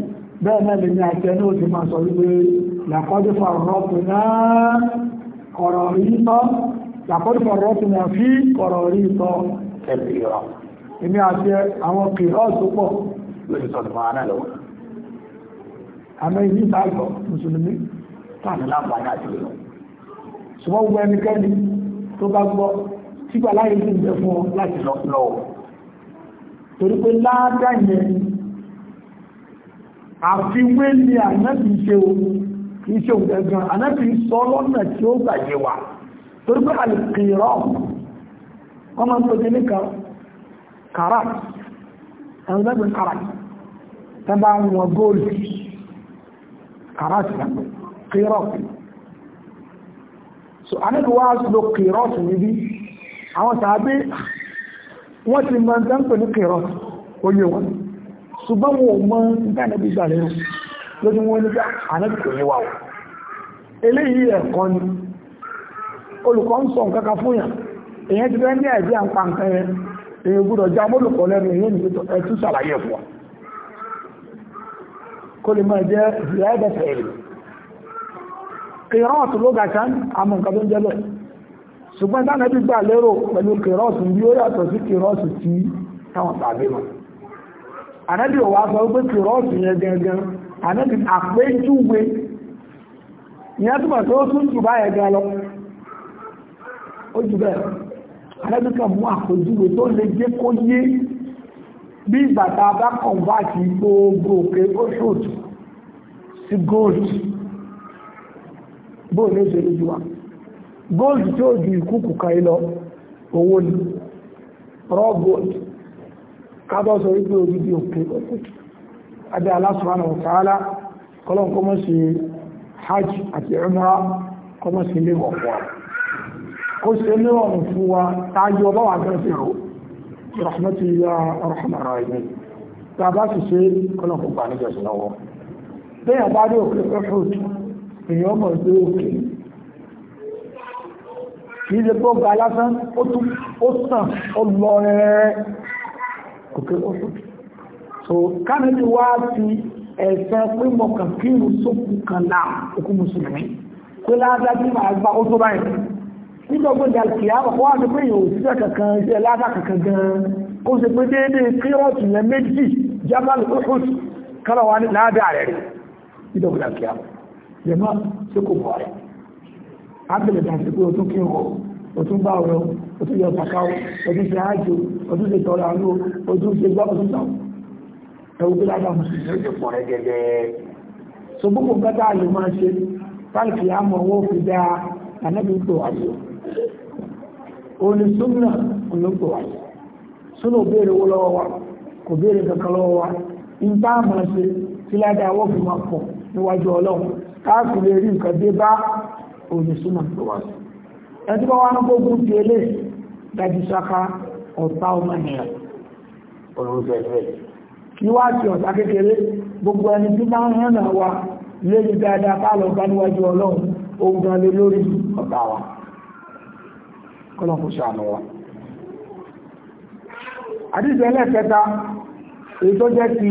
bẹ́ẹ̀ náà lè ní àti ẹni òtí máa sọ wípé làkọ́dúfà rọ́pù náà kọ̀rọ̀ rí tọ́ làkọ́dúfà rọ́pù náà fi kọ̀rọ̀ rí tọ́ ẹ̀bì rọ̀ èmi àti àwọn kìrọ́ tó pọ̀ lórí sọ̀tùmọ̀ àná lọ́wọ́ àmọ́ ìlú ìtàgbọ̀ mùsùlùmí táàmì láǹfààní àti ìlú ṣùgbọ́n gbogbo ẹnikẹ́ni tó bá gbọ́ sígbà láyé sì ń bẹ fún ọ láti lọ lọ torí pé láádá yẹn àfiwé ni ànábì ṣe o kìí ṣe òun gangan ànábì sọ lọ́nà tí ó gbàgbé wa torí pé àlùkìrọ̀ wọ́n máa ń pèsè nìkan karat ẹ̀rùn lẹ́gbẹ̀ẹ́ karat tẹ́ bá ń wọ góòlù karat lẹ́gbẹ̀ẹ́ kírọ́ọ̀tì so anábì wá lo kírọ́ọ̀tì níbi awon tàbí won ti mọ dáńpẹ̀ ní kírọ́ọ̀tì oyè wọn ṣùgbọ́n wọn ò mọ dáńpẹ̀ gbà lẹ́nu won wọn ní bá anábì kò ni olukọ ń sọ nǹkan fún yàn èyàn ti fẹ́ ní àìdí àǹpa nǹkan èyàn gbúdọ̀ já mọ́lùkọ́ lẹ́nu èyàn ní ẹtú ṣàlàyé fún wa kó lè máa kìrọ́ọ̀tù ló gàṣán àmọ́ nǹkan tó ń jẹ́bẹ̀ ṣùgbọ́n táwọn ẹbí gbà lérò pẹ̀lú kìrọ́ọ̀tù bí ó yàtọ̀ sí kìrọ́ọ̀tù tí táwọn tàbí mọ̀ ànábì ò wá sọ pé kìrọ́ọ̀tù yẹn gangan ànábì àpéjúwe ìyẹn túmọ̀ tó tún jù báyẹn gan lọ ó jù bẹ́ẹ̀ ànábì kan mú àpéjúwe tó lè jẹ́ kó yé bí ìgbà tá a bá kọ̀ǹbá àti gbogbo òkè ó ṣòtù sí góòlù bóò ní oṣù lójú wa góòlù tí ó ju ìkúkù kan lọ owó ni raw gold kábọ̀ sọ wípé odidi òkè adé Allah subhanahu wa ta'ala kọlọ́n kọmọ́ sí hajj àti umra kọmọ́ sí ilé wọ̀pọ̀ kó ṣe lérọ̀rùn fún wa tájú ọba wà gẹ́rẹ́ fèrò rahmatu ya rahman rahim ta sì ṣe kọlọ́n kọmọ́ níjọ́ sí lọ́wọ́ bẹ́ẹ̀ bá dé òkè ọ̀hún èyàn mọ̀ sí òkè kìí ṣe tó ga lásán ó sàn ó lọ rẹ̀rẹ̀ òkè ó sùn so kánàlì wá ti ẹ̀sẹ̀ pé mọ̀ kàn kí ìlú sókù kan náà òkú mùsùlùmí pé ládájú máa gba ó tó báyìí nígbàgbọ́ ìjà kìá wọ́n á ti pé èèyàn òṣìṣẹ́ kankan iṣẹ́ ládà kankan gan-an kó ṣe pé déédéé kírọ́ọ̀tù yẹn méjì jábàlì ó kọ́lọ̀ wá ní ládà rẹ̀ nígbàgbọ́ ìjà kìá wọ́n jẹ̀mọ́ tí kò bọ̀ rẹ̀ ábẹ̀lẹ̀ dàbí pé o tún kí o o tún bá ọ̀rọ̀ o tún yọ ọ̀tàkà o o tún ṣe ájò o tún ṣe tọrọ àánú o tún ṣe gbọ́ ọdún náà ẹwù bí ládàá mo sì ṣe ṣe pọ̀ rẹ̀ gẹ́gẹ́ so gbogbo gbẹ́dá ló máa ṣe táìkì àmọ́ owó fi dá ànábì ń pè wá o ní súnmọ́ ló ń pè wá yìí súnmọ́ béèrè owó níwájú ọlọ́run káàkì lè rí nǹkan dé bá olùsúnà tó wà sí ẹni bá wà ní gbogbo ti elé dájú sáká ọ̀tá ọmọ ènìyàn olùsẹ̀fẹ̀ kí wá sí ọ̀tá kékeré gbogbo ẹni tí máa ń hànà wa lórí dáadáa bá lọ bá níwájú ọlọ́run ohun gan lé lórí ọ̀tá wa kọ́lọ́kù sàánú wa àdìsẹ́ ẹlẹ́kẹta èyí tó jẹ́ ti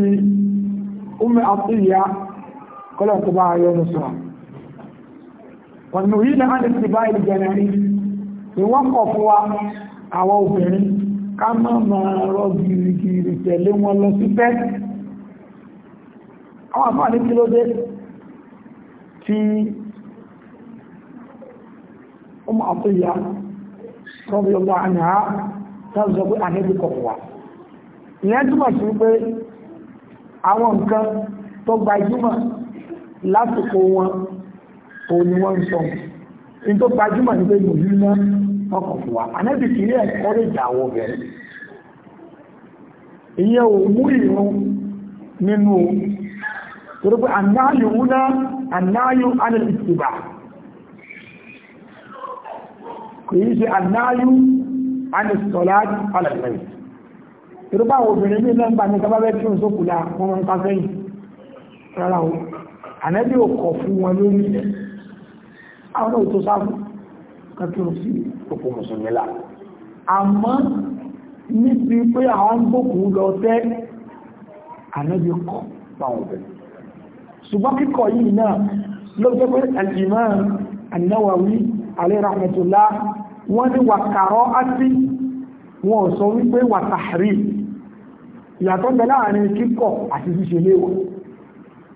Umu Atiyya kọ́lọ̀ kó bá yọnu sọ ọ̀nà yìí náà lè ti bá ìjẹ̀rẹ̀ rí ìwọ́n kọ̀ fún wa àwọn obìnrin ká má máa rọ gìrìgìrì tẹ̀lé wọn lọ sí pẹ́ àwọn àfáà ní kí ló dé tí ọmọ àtúnyà rọ́bí ọmọ àná tàbí pé àhẹ́bí kọ̀ wà ìyẹn túmọ̀ lásìkò wọn òun ni wọ́n ń sọ ní tó gbajúmọ̀ ní pé mòlú náà ọkọ̀ fún wa ànábì kì í ẹ̀kọ́rẹ́ ìjà àwọn obìnrin ìyẹn ò mú ìrún nínú torí pé ànáyò wúná ànáyò anìlìtìbà kò yí ṣe ànáyò anìsọ̀lá alẹ́lẹ́ torí pé àwọn obìnrin ní nọ́mbà ní sábábẹ́ tí ó sókùlá wọn máa ń pa sẹ́yìn rárá o ànẹ́bí ò kọ̀ fún wọn lórí ẹ̀ àwọn ò tó sáàbù kankiri sí òkú mùsùlùmí là àmọ́ níbi pé àwọn gbókùn lọ tẹ́ ànẹ́bí kọ̀ báwọn bẹ̀rẹ̀ ṣùgbọ́n kíkọ̀ yìí náà ló jẹ́ pé àjìmọ́ ànáwàwí alẹ́ wọ́n ní wàkàrọ́ àti wọn ò sọ wípé wàtàrí ìyàtọ̀ bẹ láàrin kíkọ̀ àti ṣíṣe léwọ̀n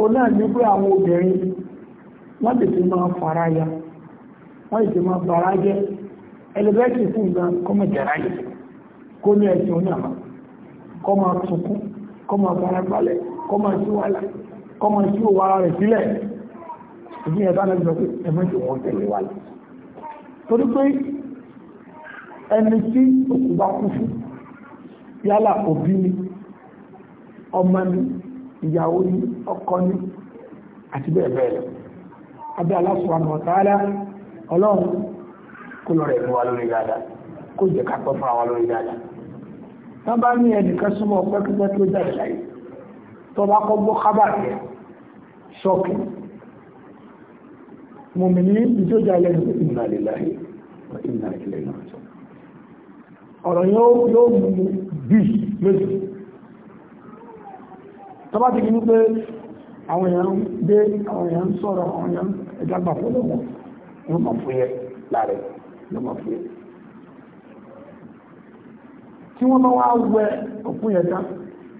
o náà ní pé àwọn obìnrin wọ́n tètè máa fara ya wọ́n tètè máa bara jẹ́ ẹlẹ́bẹ́ẹ̀kì fún ìgbà kọ́mọ̀jẹ̀ ráyè kó ní ẹ̀sìn oníyàmá kọ́ máa sunkún kọ́ máa fara balẹ̀ kọ́ máa sí wàhálà kọ́ máa sí òwò ara rẹ̀ sílẹ̀ ìdí ẹ̀bá náà sọ pé ẹ̀mọ́ ti wọ́n tẹ̀lé wà lọ. torí pé ẹni tí òkú bá kú ọmọ ni ìyàwó ní ọkọ ní àti bẹ́ẹ̀ bẹ́ẹ̀ lọ abẹ́ Allah subhanahu wa ta'ala ọlọ́run kó lọ rẹ̀ fún wa lórí dáadáa kó jẹ́ ká pẹ́ fún wa lórí dáadáa tán bá ní ẹnìkan súnmọ́ ọpẹ́ tó jáde láyé tó bá kọ́ gbọ́ kábà rẹ̀ ṣọ́ọ̀kì mùmìnì ìjọjà lẹ́nu inna lillahi wa inna ilayhi raji'un ọ̀rọ̀ yóò mú bí méjì tọba ti ní pé àwọn èèyàn dé àwọn èèyàn sọ̀rọ̀ àwọn èèyàn ẹ̀dàgbà fọ́lọ̀ wọn ló mọ̀ fún yẹ láàrẹ̀ ló mọ̀ fún yẹ tí wọ́n bá wá wẹ òkú yẹn tán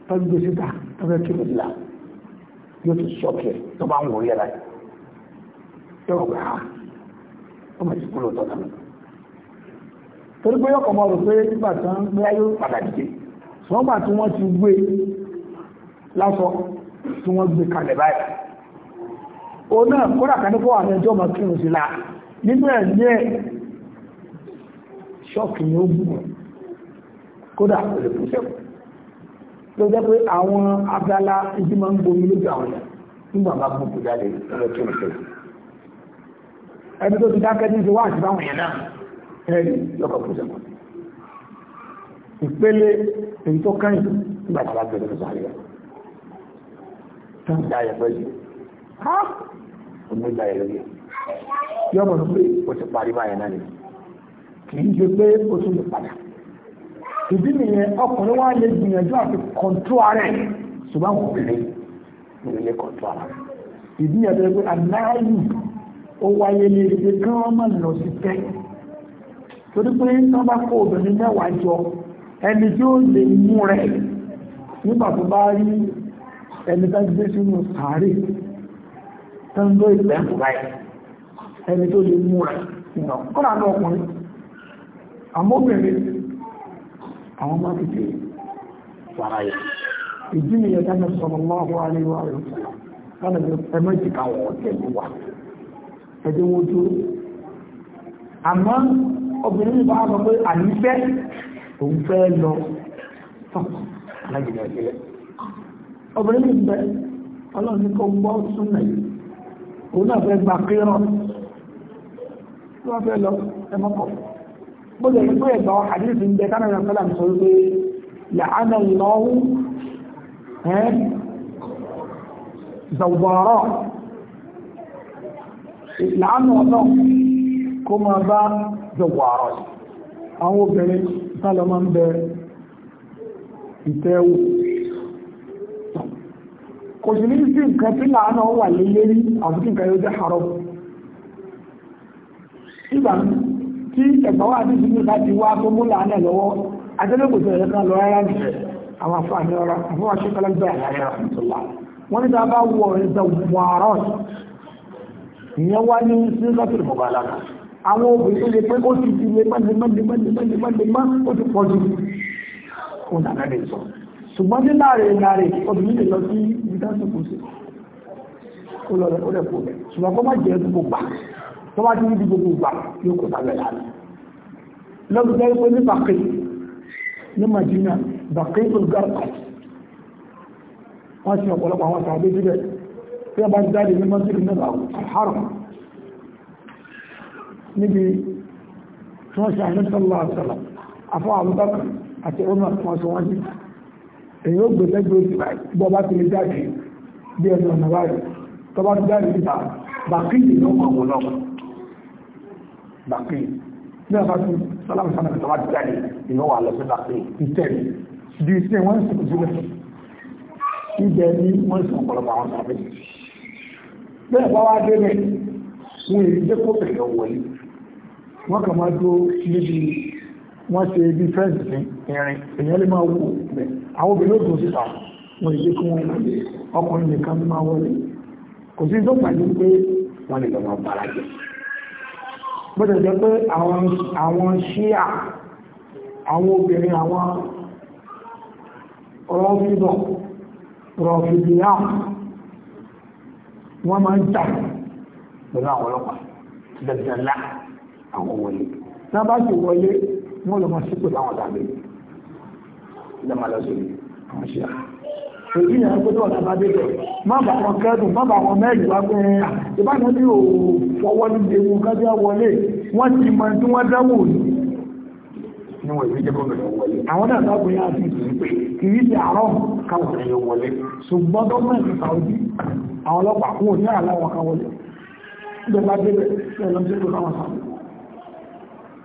tọ́jú gbèsè ta tọ́jú kí ló dìlà yóò tún ṣọ́ọ̀kì tó bá ń wò yẹ láì yọ̀rọ̀ pé ah ọmọ ìsìnkú ló tọ́ta mi torí pé yọ̀kọ̀ mọ̀ rò pé nígbà tán gbé ayé padà dìde tí wọ́n ti gbé lásọ tí wọ́n gbé kalẹ̀ báyìí o náà kọ́dà kan ní fọ́wà ní ẹjọ́ ọmọ kírun sí láà nínú ẹ̀ ní ẹ̀ ṣọ́ọ̀kì ni ó gbùn kódà kò lè fún sẹ́kù tó jẹ́ pé àwọn abala ibi máa ń gbomi lójú àwọn ẹ̀ nígbà bá gbọ́n kò jáde ọmọ kírun sí ẹni tó ti dákẹ́ ní ti wá àti báwọn yẹn náà ẹni lọ́kọ̀ fún ìpele èyí tó kẹ́yìn nígbà tí a bá gbẹ̀rẹ̀ sáré rẹ̀ tán dáyẹ pẹ̀lú ha omi dáyẹ lórí tí ọmọ ní pé o ti parí báyẹn náà nìyẹn kì í ṣe pé o tún lè padà ìdí nìyẹn ọkùnrin wa lè gbìyànjú àti kọ̀ǹtró ara ẹ̀ ṣùgbọ́n kò lè lè lè kọ̀ǹtró ara rẹ̀ ìdí yẹn tó yẹ pé aláàyè ó wáyé ní èdè kí wọ́n má lọ sí tẹ́ torí pé tí wọ́n bá kó obìnrin mẹ́wàá jọ ẹni tí ó lè mú rẹ̀ nígbà tó bá rí ẹni tó gbé sínú sàárè tó ń gbé ìpẹ́ báyìí ẹni tó lè múra ìnà kọ́nà ní ọkùnrin àmóbìnrin àwọn máa fi tèè sàrà yìí ìdí nìyẹn dáná sọ̀rọ̀ lọ́wọ́ aríwá rẹ̀ sọ́nà ní ẹmẹ́jì káwọn ọ̀tẹ̀lú wa ẹjẹ́ wọn tó àmọ́ obìnrin bá sọ pé ànífẹ́ òun fẹ́ lọ fún obìnrin mi bẹ ọlọ́run ní kó gbọ́ súnmọ̀ yìí òun náà fẹ́ gba kírọ̀ tí wọ́n fẹ́ lọ ẹmọ́kọ̀ bó lè gbé ẹ̀gbà àdínsì ń bẹ kánàdà pẹ́lá ń sọ wípé làánà lọ́wọ́ ẹ́ zọ̀wọ̀rọ̀ ọ̀nà kó máa bá zọ̀wọ̀rọ̀ àwọn obìnrin sálọ ń bẹ ìtẹ́wò kò sí ní sí nǹkan tí láàánà wà lé lérí àti kí nǹkan yóò jẹ́ àrọ́ ìgbà tí ẹ̀gbọ́n wà ní ìsinmi bá ti wá tó mú láàánà lọ́wọ́ adẹ́lẹ́gbòtò ẹ̀rẹ́ kan lọ rárá ní àwọn àfààní ọ̀rá àwọn aṣẹ́kọ̀lá gbé àlàyé àtúntòlá wọ́n ní dáa bá wọ ẹ̀dọ̀ wàárọ̀ ìyẹn wá ní sí lọ́tì ìbọ̀bàlá àwọn obìnrin tó lè pẹ́ ó ti di lemọ́lemọ́lemọ́lemọ́lemọ́ ó ti pọ̀ jù kó nàá ṣùgbọ́n ní láàrẹ̀ ìlàrẹ̀ obìnrin lè lọ sí ìdájọ́ kò sí kó lọ rẹ̀ kó rẹ̀ ṣùgbọ́n kó má jẹ́ gbogbo gbà tó bá ti ní gbogbo gbà yóò kó tàbí ẹ̀yà rẹ̀ lọ́dún jẹ́ pé ní bàkì ní Madina bàkì olùgbàkà wọ́n ti ọ̀pọ̀lọpọ̀ àwọn tàbí bíbẹ̀ tí a bá ń jáde ní mọ́sílì náà àhárọ̀ níbi tí wọ́n ṣe àyẹ́sọ́lọ́ àṣàlọ́ àfọ́ àbúbákan àti ọmọ àti wọ́n ṣe wọ́n èyí ó gbé sẹ́gbẹ́ oṣù báyìí bọ́ bá ti lè jáde bí ẹni ọ̀nà báyìí tó bá ti jáde níta bàkìlì ló mọ̀ wọn lọ́wọ́ bàkìlì ní ọ̀nà tí sálámù sálámù tó bá ti jáde ìyẹn wà lọ sí bàkìlì ìtẹ̀lẹ̀ bí iṣẹ́ wọ́n sì kú sílẹ̀ ibẹ̀ ni wọ́n sì ọ̀pọ̀lọpọ̀ àwọn sàbẹ̀ bẹ́ẹ̀ bá wá débẹ̀ wọn èyí jẹ́ kó bẹ̀rẹ̀ wọlé wọ́n kà máa dó níbi wọ́n ṣe bí fẹ́ǹsì sí ìrìn èyàn lè máa wò bẹ̀ àwọn obìnrin ògùn síta wọ́n lè kí wọ́n lè ọkùnrin nìkan máa wọlé kò sí tó pàdé pé wọ́n lè lọ́wọ́ bára jẹ́ bọ́dẹ̀ jẹ́ pé àwọn ṣíà àwọn obìnrin àwọn rọ́fídọ̀ rọ́fídíà wọ́n máa ń jà pẹ̀lú àwọn ọlọ́pàá dẹ̀dẹ̀lá àwọn wọlé tí wọ́n bá sì wọlé wọ́n lọ máa sípò láwọn ọ̀dàgbé ilẹ̀ máa lọ sórí àwọn ṣíà èyí yẹn gbọ́dọ̀ ọ̀dà bá dé bẹ̀ má bà wọn kẹ́dùn má bà wọn mẹ́rin wá pé ìbáná bí ò fọwọ́ ní ewu kájá wọlé wọ́n ti mọ tí wọ́n dáwò ní níwọ̀n ìwé àwọn náà dábò wọlé ṣùgbọ́n gọ́ọ̀mẹ̀ntì Saudi àwọn ọlọ́pàá kúrò ní àláwọ̀ káwọlé ìjọba débẹ̀ ṣẹlẹ̀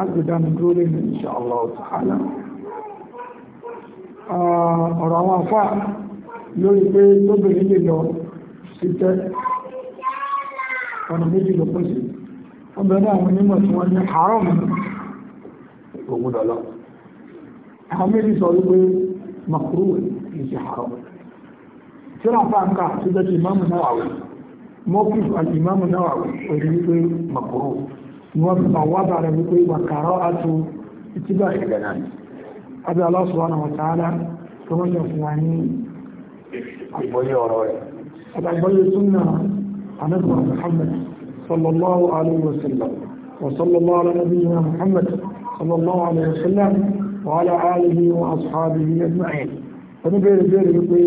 agbèdánù dúró lẹ́nu insha Allah ta'ala ọ̀rọ̀ àwọn afá lórí pé lóbìnrin lè lọ sí tẹ́ ọ̀nà méjì ló pín sí ọbẹ̀ náà àwọn onímọ̀ tí wọ́n ní haram ògùn lọ́lọ́ àwọn méjì sọ wípé haram tí wọ́n fà ń kà tó jẹ́ ti Imam Nawawi wọ́n fi máa wábà rẹ̀ wípé wàkàrọ́ àtò ìtìbà ìgbẹ̀nà abẹ́ Allah subhanahu wa ta'ala tó mọ́jọ fún wa ní àgbọ́yé ọ̀rọ̀ rẹ̀ àgbọ́yé súnà anábà Muhammad sallallahu alaihi wa sallam wa sallallahu ala nabiyyina Muhammad sallallahu alaihi wa sallam wa ala alihi wa ashabihi ajma'in wani bẹ̀rẹ̀ bẹ̀rẹ̀ wípé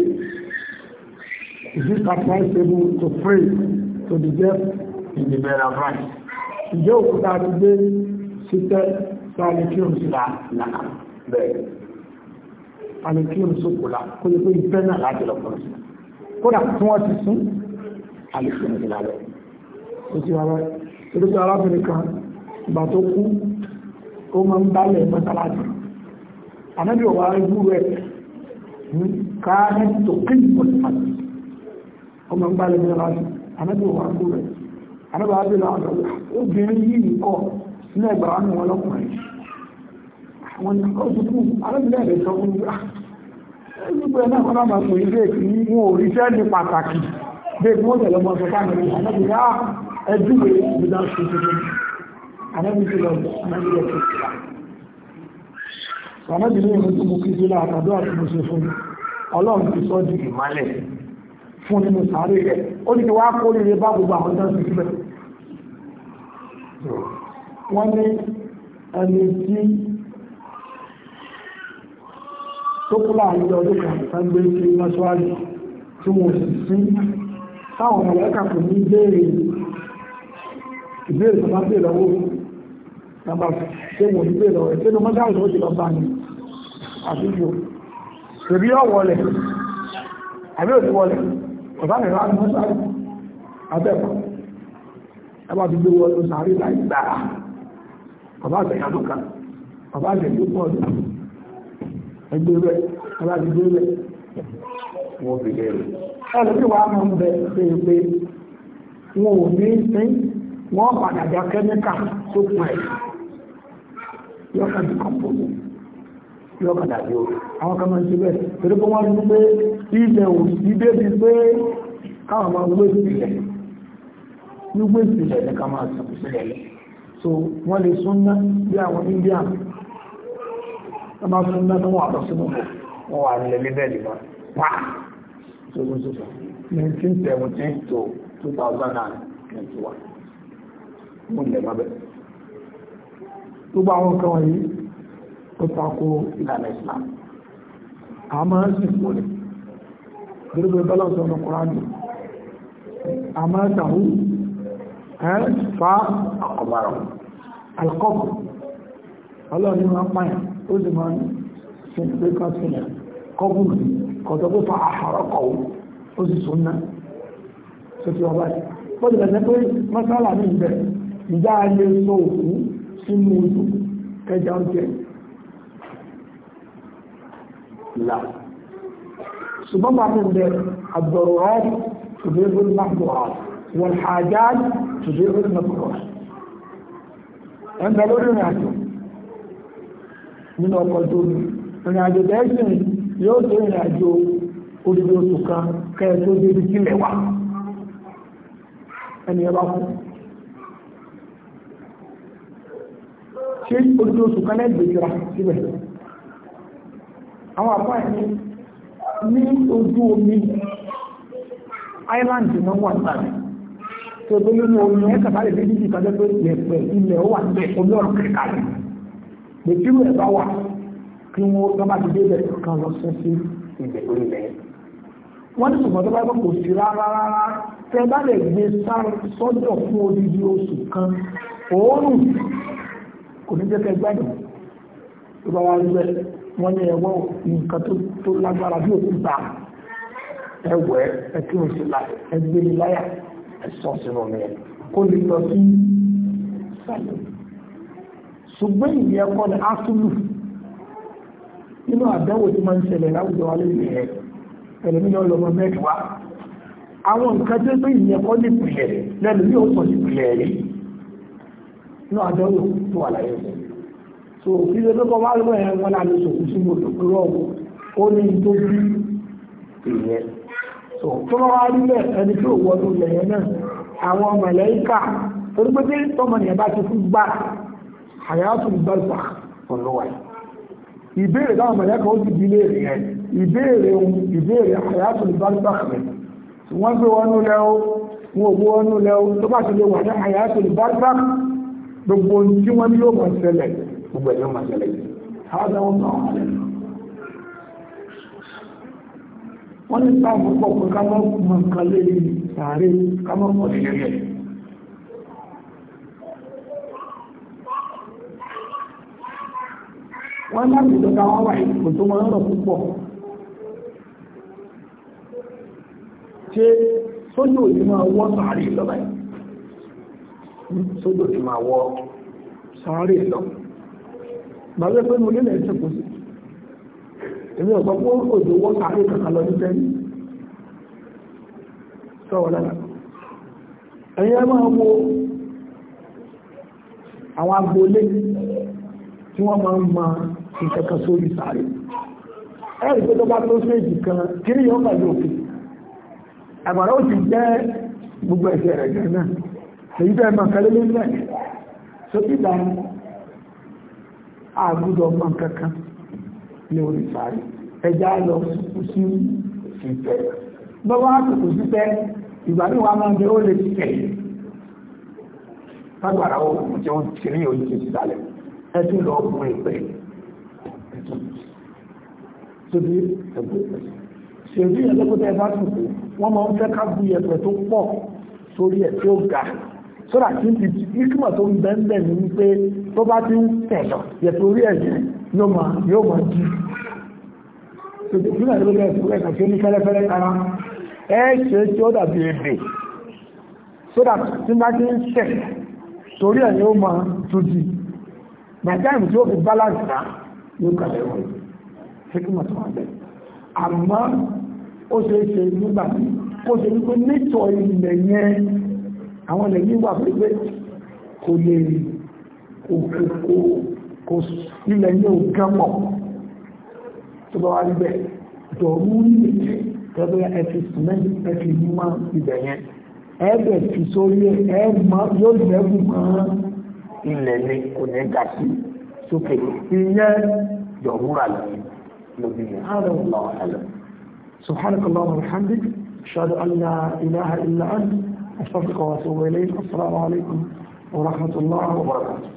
is it advisable to pray to the deaf in the bed of right ìjẹ́ òkúta ti gbé síkẹ́ sí alikíun sí làkà bẹ́ẹ̀ alikíun sókòlá kó yẹ pé ìfẹ́ náà láti lọ́pọ̀ sí kódà tí wọ́n ti sún alikíun sí lálẹ́ ó ti rárá torí pé arábìnrin kan ìgbà tó kú ó máa ń bálẹ̀ mọ́sálásí ànábì ọ̀wá ìgbúrú ẹ̀ káà ní tòkí ìpọ̀lẹ̀ ọmọ ń bálẹ̀ mọ́sálásí ànábì ọ̀wá ìgbúrú ẹ̀ àdúgbò abẹ́lẹ̀ àwọn obìnrin yìí nìkọ́ sílẹ̀ ìgbà wọn wọn lọ́kùnrin àwọn ni ó ti kú alábìlẹ̀ rẹ̀ sọ fún wa ah, gbogbo ẹ̀ náà kọ́ náà pè é kí wọn ò rí sẹ́ẹ̀lì pàtàkì bẹ́ẹ̀ kí wọ́n tẹ̀lé ọmọ ọ̀sán fáwọn ènìyàn náà bìí ah ẹjú rẹ̀ ìgbìdá ṣe tuntun anábìlẹ̀ lọ anábìlẹ̀ tó ti fún ọlọ́run ti sọ́ ní kí wọ́n á kórìíre bá gbogbo àwọn tó ń wọ́n ní ẹni tí tó kú láàrin ọdún kan sáńgbé sí lọ́ṣọ́wájú tí wọ́n sì sí táwọn ọ̀rẹ́kà kò ní béèrè ìbéèrè tó bá béèrè lọ́wọ́ nàbà tí wọ́n ní béèrè lọ́wọ́ ìpinnu mọ́sáàrì tó ti lọ bá ní àdúgbò tèbí ọ̀wọ́lẹ̀ àbí òtí wọlẹ̀ ọ̀bá ẹwà tó gbé wọ́n ló sàárè láì gbára bàbá àgbẹ̀yà tó kàn bàbá àgbẹ̀yà tó pọ̀ jù ẹgbẹ́ rẹ̀ bàbá àgbẹ̀yà rẹ̀ wọ́n fi lé rẹ̀ ẹlòmí wàá máa ń bẹ pé pé wọn ò ní sín wọ́n padà já kẹ́míkà tó pọ̀ ẹ̀ yọ́kàn ti kọ̀m̀pọ̀lù yọ́kàn dàbí o àwọn kan máa ń ṣe bẹ́ẹ̀ torí pé wọ́n rí pé ibẹ̀ ò sí pé káwọn máa ń gbé sí gbígbé ìsìnlẹ̀ ní ká máa sọ̀rọ̀ sílẹ̀ lẹ̀ so wọ́n lè súnná bí àwọn Indian wọ́n máa súnná tó wà lọ sínú bò wọ́n wà nílẹ̀ lébẹ̀ lè wọ́n pa so so so nineteen seventeen to two thousand and twenty one mo lè má bẹ́ẹ̀ gbogbo àwọn nǹkan wọ̀nyí ó tako ìlànà Islam a máa ń sìn fún Kùránì a máa ń fa àkọ̀bàrọ̀ alkọ́bù ọlọ́run ní wọ́n pààyàn ó sì máa ń ṣe pé kan sílẹ̀ kọ́bù kọ̀tọ̀ pé fa àhárọ́kọ̀ ó sì sún náà tó ti ọba yìí bọ́dù lẹ́sẹ̀ pé mọ́sálà ní ibẹ̀ ìjà ayé sọ òkú sínú ojú kẹjà ń là ṣùgbọ́n bá mi bẹ àgbọ̀rọ̀ ọ̀rọ̀ tòdé orí mọ́tòkọ̀ ẹ̀ńdà lórí ìrìn àjò nínú ọkọ̀ tó ní ìrìn àjò dẹ́sìn yóò tó ìrìn àjò olùdó oṣù kan kẹ́ẹ̀ tó débi sílẹ̀ wá ẹni ẹ bá kú ṣé olùdó oṣù kan lẹ́gbẹ̀ẹ́ jìra síbẹ̀ àwọn àpá ẹni ní ojú omi island náà wà láàrin tó tó nínú omi ẹ̀ kàtàlẹ̀ bí bíbí kan tó yẹ̀pẹ̀ ilẹ̀ ó wà bẹ́ẹ̀ omi ọ̀rọ̀ kẹta rẹ̀ pẹ̀tírù ẹ̀ bá wà kí wọ́n tó bá ti débẹ̀ kan lọ sọ sí ibẹ̀ orí rẹ̀ wọ́n ti sọ̀tọ̀ tó bá kò sí rárá rárá tẹ bá lè gbé sọ́dọ̀ fún odidi oṣù kan òórùn kò ní jẹ́ kẹ́ gbádùn tó bá wá rí bẹ́ẹ̀ wọ́n ní ẹ̀wọ́ nǹkan tó lágbára bí òkúta ẹ̀wẹ̀ ẹ̀kí òṣèlá ẹgbẹ́ láyà ẹ̀sọ́ sínú rẹ̀ kó lè lọ sí sàlẹ̀ ṣùgbọ́n ìyẹn kọ́ ni asúlù nínú àdánwò tí máa ń ṣẹlẹ̀ láwùjọ wa lórí ẹ̀ ẹ̀lẹ́mìnà ọlọ́mọ mẹ́wàá àwọn nǹkan tó gbé ìyẹn kọ́ ní ìpìlẹ̀ lẹ́nu ní òsàn ní ìpìlẹ̀ rí nínú àdánwò tó wà láyé rẹ̀ so kí ló lọ́kọ́ wá lọ́wọ́ ẹ̀ wọn láti sòkú sí mọ́tò rọ̀ ó ní tó bí ìyẹn tọ̀ tó wá nílẹ̀ ẹni tó wọnú ilẹ̀ yẹn náà àwọn màláíkà torípété tọmọnìyàn bá ti fún gbà àyàtò ìbárùbà ọlọ́wà ìbéèrè táwọn màláíkà ó ti di ilé rẹ̀ ìbéèrè ìbéèrè àyàtò ìbárùbà rẹ̀ wọ́n gbé wọnú lẹ́ o wọn ò gbé wọnú lẹ́ o tó bá ti lè wà ní àyàtò ìbárùbà gbogbo tí wọ́n ní yóò máa ṣẹlẹ̀ gbogbo ẹ̀ yóò máa yìí. wọ́n ní sáàmù pọ̀ pé ká mọ́ mọ̀ nǹkan lè sàárè ká mọ́ pọ̀ sí rẹ̀ wọ́n lábùdó ká wọ́n wà ìpò tó wọ́n rọ̀ púpọ̀ ṣe sójú òní máa wọ́ sàárè lọ́ba sójú òní máa wọ́ sàárè lọ bàbá pé mo nílẹ̀ ìṣẹ́kùsí èmi ọ̀gbọ́ pé òjò wọ́n sáré kankan lọ ní tẹ́lí lára máa wo àwọn tí wọ́n ma ìkẹ̀kẹ̀ sórí sáré ẹ̀rì tó kiri òkè àgbàrá ó ti jẹ́ gbogbo ẹ̀sẹ̀ rẹ̀ gan náà èyí máa kẹ́lé lé sókè dáa ní orí sáré ẹja lọ sùkú sí ìfẹ́ lọ́wọ́ àsìkò sípẹ́ ìgbà ní wàá máa ń jẹ́ ó lè ti tẹ̀ lágbára ó jẹ́ ó ti rí òyìn ti sálẹ̀ ẹtún lọ fún ìpẹ́ ẹtún tóbi ẹgbẹ́ ṣèlú ẹlẹ́gbẹ́ta ẹ̀fà sùkú wọ́n máa ń fẹ́ ká bu ẹ̀pẹ̀ tó pọ̀ sórí ẹ̀ tí ó ga sọ́dà tí ìkìmọ̀ tó ń bẹ́ẹ̀ bẹ́ẹ̀ wípé tó bá ti ń tẹ̀ lọ yẹ̀ torí ẹ̀yìn yóò máa yóò máa jí ìgbìmọ̀ ìlú ẹ̀sìn ẹ̀kà tí ó ní fẹ́lẹ́fẹ́lẹ́ kára ẹ ṣe tí ó dàbí èdè so that tí bá ti ń tẹ̀ torí ẹ̀ yóò máa tó jí my time tí ó fi balance náà yóò kàlẹ̀ wọ̀ fẹ́kìmọ̀ tó wà bẹ́ẹ̀ àmọ́ ó ṣe é ṣe nígbà tí kó ṣe wípé nítọ̀ ilẹ̀ yẹn àwọn ilẹ̀ yìí wà pé kò lè kò kò kò kò ilẹ̀ ní ògámọ̀ tó bá wá rí bẹ́ẹ̀ dọ̀rú nílé tẹ́bẹ́ ẹ̀fì sìmẹ́ntì ẹ̀fì mímọ́ ibẹ̀ yẹn ẹ̀ẹ́bẹ̀ fi sórí ẹ̀ yóò lẹ́gùn kan ilẹ̀ ni kò ní ga sí sókè ìyẹn dọ̀rúra lẹ́yìn ورحمة الله وبركاته